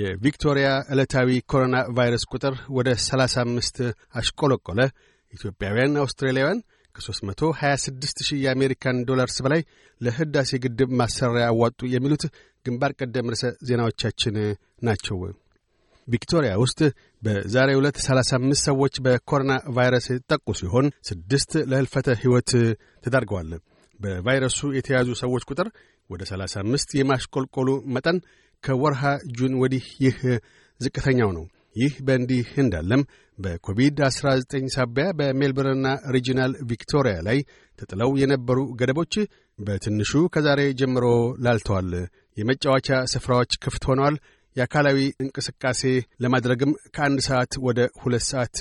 የቪክቶሪያ ዕለታዊ ኮሮና ቫይረስ ቁጥር ወደ 35 አሽቆለቆለ። ኢትዮጵያውያን አውስትራሊያውያን ከ326 ሺህ የአሜሪካን ዶላርስ በላይ ለህዳሴ ግድብ ማሰሪያ አዋጡ። የሚሉት ግንባር ቀደም ርዕሰ ዜናዎቻችን ናቸው። ቪክቶሪያ ውስጥ በዛሬ ዕለት 35 ሰዎች በኮሮና ቫይረስ የተጠቁ ሲሆን ስድስት ለህልፈተ ሕይወት ተዳርገዋል። በቫይረሱ የተያዙ ሰዎች ቁጥር ወደ 35 የማሽቆልቆሉ መጠን ከወርሃ ጁን ወዲህ ይህ ዝቅተኛው ነው። ይህ በእንዲህ እንዳለም በኮቪድ-19 ሳቢያ በሜልበርንና ሪጂናል ቪክቶሪያ ላይ ተጥለው የነበሩ ገደቦች በትንሹ ከዛሬ ጀምሮ ላልተዋል። የመጫወቻ ስፍራዎች ክፍት ሆነዋል። የአካላዊ እንቅስቃሴ ለማድረግም ከአንድ ሰዓት ወደ ሁለት ሰዓት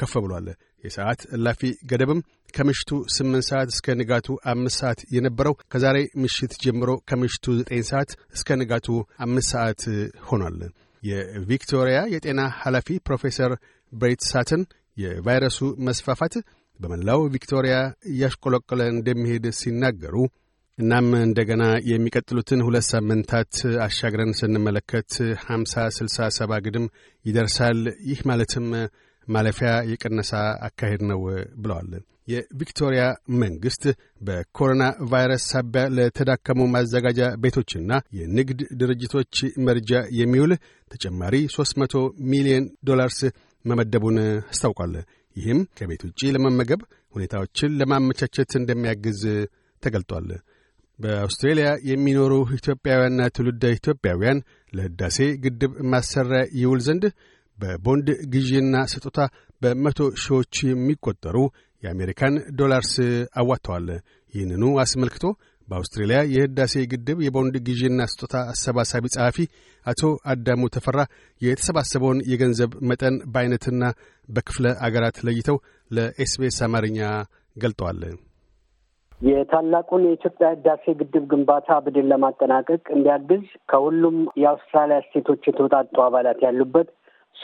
ከፍ ብሏል። የሰዓት እላፊ ገደብም ከምሽቱ 8 ሰዓት እስከ ንጋቱ 5 ሰዓት የነበረው ከዛሬ ምሽት ጀምሮ ከምሽቱ 9 ሰዓት እስከ ንጋቱ 5 ሰዓት ሆኗል። የቪክቶሪያ የጤና ኃላፊ ፕሮፌሰር ብሬት ሳትን የቫይረሱ መስፋፋት በመላው ቪክቶሪያ እያሽቆለቆለ እንደሚሄድ ሲናገሩ እናም እንደገና የሚቀጥሉትን ሁለት ሳምንታት አሻግረን ስንመለከት 5 50 60 70 ግድም ይደርሳል። ይህ ማለትም ማለፊያ የቅነሳ አካሄድ ነው ብለዋል። የቪክቶሪያ መንግሥት በኮሮና ቫይረስ ሳቢያ ለተዳከሙ ማዘጋጃ ቤቶችና የንግድ ድርጅቶች መርጃ የሚውል ተጨማሪ 300 ሚሊዮን ዶላርስ መመደቡን አስታውቋል። ይህም ከቤት ውጪ ለመመገብ ሁኔታዎችን ለማመቻቸት እንደሚያግዝ ተገልጧል። በአውስትሬልያ የሚኖሩ ኢትዮጵያውያንና ትውልደ ኢትዮጵያውያን ለሕዳሴ ግድብ ማሰሪያ ይውል ዘንድ በቦንድ ግዢና ስጦታ በመቶ ሺዎች የሚቆጠሩ የአሜሪካን ዶላርስ አዋጥተዋል። ይህንኑ አስመልክቶ በአውስትሬልያ የህዳሴ ግድብ የቦንድ ግዢና ስጦታ አሰባሳቢ ጸሐፊ አቶ አዳሙ ተፈራ የተሰባሰበውን የገንዘብ መጠን በአይነትና በክፍለ አገራት ለይተው ለኤስቢኤስ አማርኛ ገልጠዋል። የታላቁን የኢትዮጵያ ህዳሴ ግድብ ግንባታ ብድን ለማጠናቀቅ እንዲያግዝ ከሁሉም የአውስትራሊያ ስቴቶች የተውጣጡ አባላት ያሉበት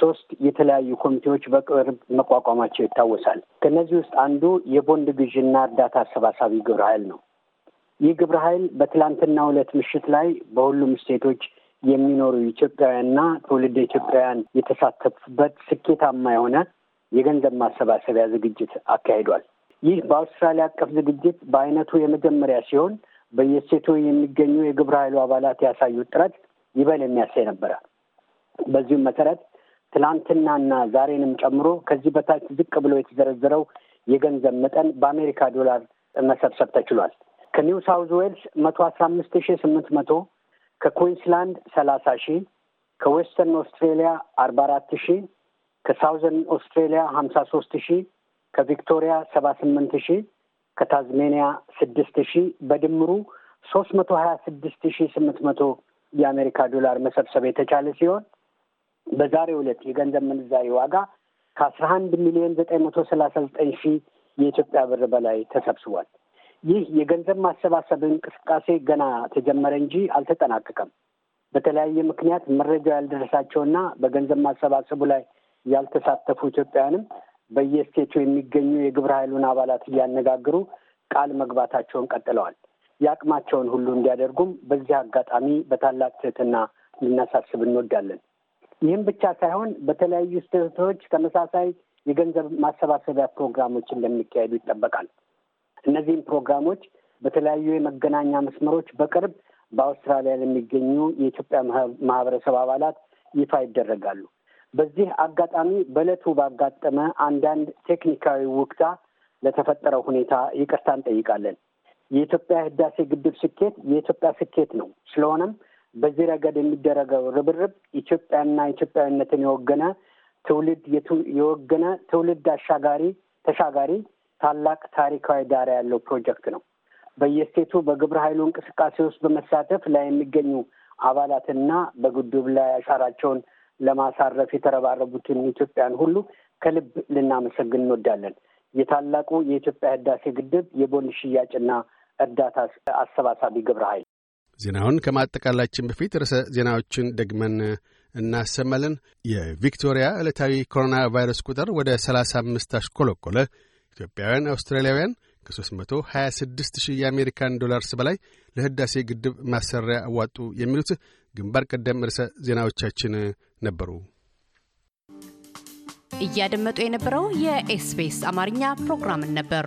ሶስት የተለያዩ ኮሚቴዎች በቅርብ መቋቋማቸው ይታወሳል። ከእነዚህ ውስጥ አንዱ የቦንድ ግዥና እርዳታ አሰባሳቢ ግብረ ኃይል ነው። ይህ ግብረ ኃይል በትላንትና ሁለት ምሽት ላይ በሁሉም ስቴቶች የሚኖሩ ኢትዮጵያውያንና ትውልድ ኢትዮጵያውያን የተሳተፉበት ስኬታማ የሆነ የገንዘብ ማሰባሰቢያ ዝግጅት አካሂዷል። ይህ በአውስትራሊያ አቀፍ ዝግጅት በአይነቱ የመጀመሪያ ሲሆን በየሴቶ የሚገኙ የግብረ ኃይሉ አባላት ያሳዩት ጥረት ይበል የሚያሳይ ነበረ። በዚሁም መሰረት ትላንትናና ዛሬንም ጨምሮ ከዚህ በታች ዝቅ ብሎ የተዘረዘረው የገንዘብ መጠን በአሜሪካ ዶላር መሰብሰብ ተችሏል። ከኒው ሳውዝ ዌልስ መቶ አስራ አምስት ሺ ስምንት መቶ ከኩዊንስላንድ ሰላሳ ሺ ከዌስተርን ኦስትሬሊያ አርባ አራት ሺ ከሳውዘርን ኦስትሬሊያ ሀምሳ ሶስት ሺ ከቪክቶሪያ ሰባ ስምንት ሺ ከታዝሜኒያ ስድስት ሺ በድምሩ ሶስት መቶ ሀያ ስድስት ሺ ስምንት መቶ የአሜሪካ ዶላር መሰብሰብ የተቻለ ሲሆን በዛሬ ዕለት የገንዘብ ምንዛሬ ዋጋ ከአስራ አንድ ሚሊዮን ዘጠኝ መቶ ሰላሳ ዘጠኝ ሺህ የኢትዮጵያ ብር በላይ ተሰብስቧል። ይህ የገንዘብ ማሰባሰብ እንቅስቃሴ ገና ተጀመረ እንጂ አልተጠናቀቀም። በተለያየ ምክንያት መረጃው ያልደረሳቸውና በገንዘብ ማሰባሰቡ ላይ ያልተሳተፉ ኢትዮጵያውያንም በየስቴቱ የሚገኙ የግብረ ኃይሉን አባላት እያነጋገሩ ቃል መግባታቸውን ቀጥለዋል። የአቅማቸውን ሁሉ እንዲያደርጉም በዚህ አጋጣሚ በታላቅ ትህትና ልናሳስብ እንወዳለን። ይህም ብቻ ሳይሆን በተለያዩ ስቴቶች ተመሳሳይ የገንዘብ ማሰባሰቢያ ፕሮግራሞች እንደሚካሄዱ ይጠበቃል። እነዚህም ፕሮግራሞች በተለያዩ የመገናኛ መስመሮች በቅርብ በአውስትራሊያ ለሚገኙ የኢትዮጵያ ማህበረሰብ አባላት ይፋ ይደረጋሉ። በዚህ አጋጣሚ በእለቱ ባጋጠመ አንዳንድ ቴክኒካዊ ውቅታ ለተፈጠረው ሁኔታ ይቅርታ እንጠይቃለን። የኢትዮጵያ ህዳሴ ግድብ ስኬት የኢትዮጵያ ስኬት ነው። ስለሆነም በዚህ ረገድ የሚደረገው ርብርብ ኢትዮጵያና ኢትዮጵያዊነትን የወገነ ትውልድ የወገነ ትውልድ አሻጋሪ ተሻጋሪ ታላቅ ታሪካዊ ዳራ ያለው ፕሮጀክት ነው። በየስቴቱ በግብረ ኃይሉ እንቅስቃሴ ውስጥ በመሳተፍ ላይ የሚገኙ አባላትና በግድብ ላይ አሻራቸውን ለማሳረፍ የተረባረቡትን ኢትዮጵያን ሁሉ ከልብ ልናመሰግን እንወዳለን። የታላቁ የኢትዮጵያ ህዳሴ ግድብ የቦንድ ሽያጭና እርዳታ አሰባሳቢ ግብረ ኃይል ዜናውን ከማጠቃላችን በፊት ርዕሰ ዜናዎችን ደግመን እናሰማለን። የቪክቶሪያ ዕለታዊ ኮሮና ቫይረስ ቁጥር ወደ 35 አሽቆለቆለ። ኢትዮጵያውያን አውስትራሊያውያን ከ326 ሺህ የአሜሪካን ዶላርስ በላይ ለህዳሴ ግድብ ማሰሪያ አዋጡ። የሚሉት ግንባር ቀደም ርዕሰ ዜናዎቻችን ነበሩ። እያደመጡ የነበረው የኤስቢኤስ አማርኛ ፕሮግራምን ነበር።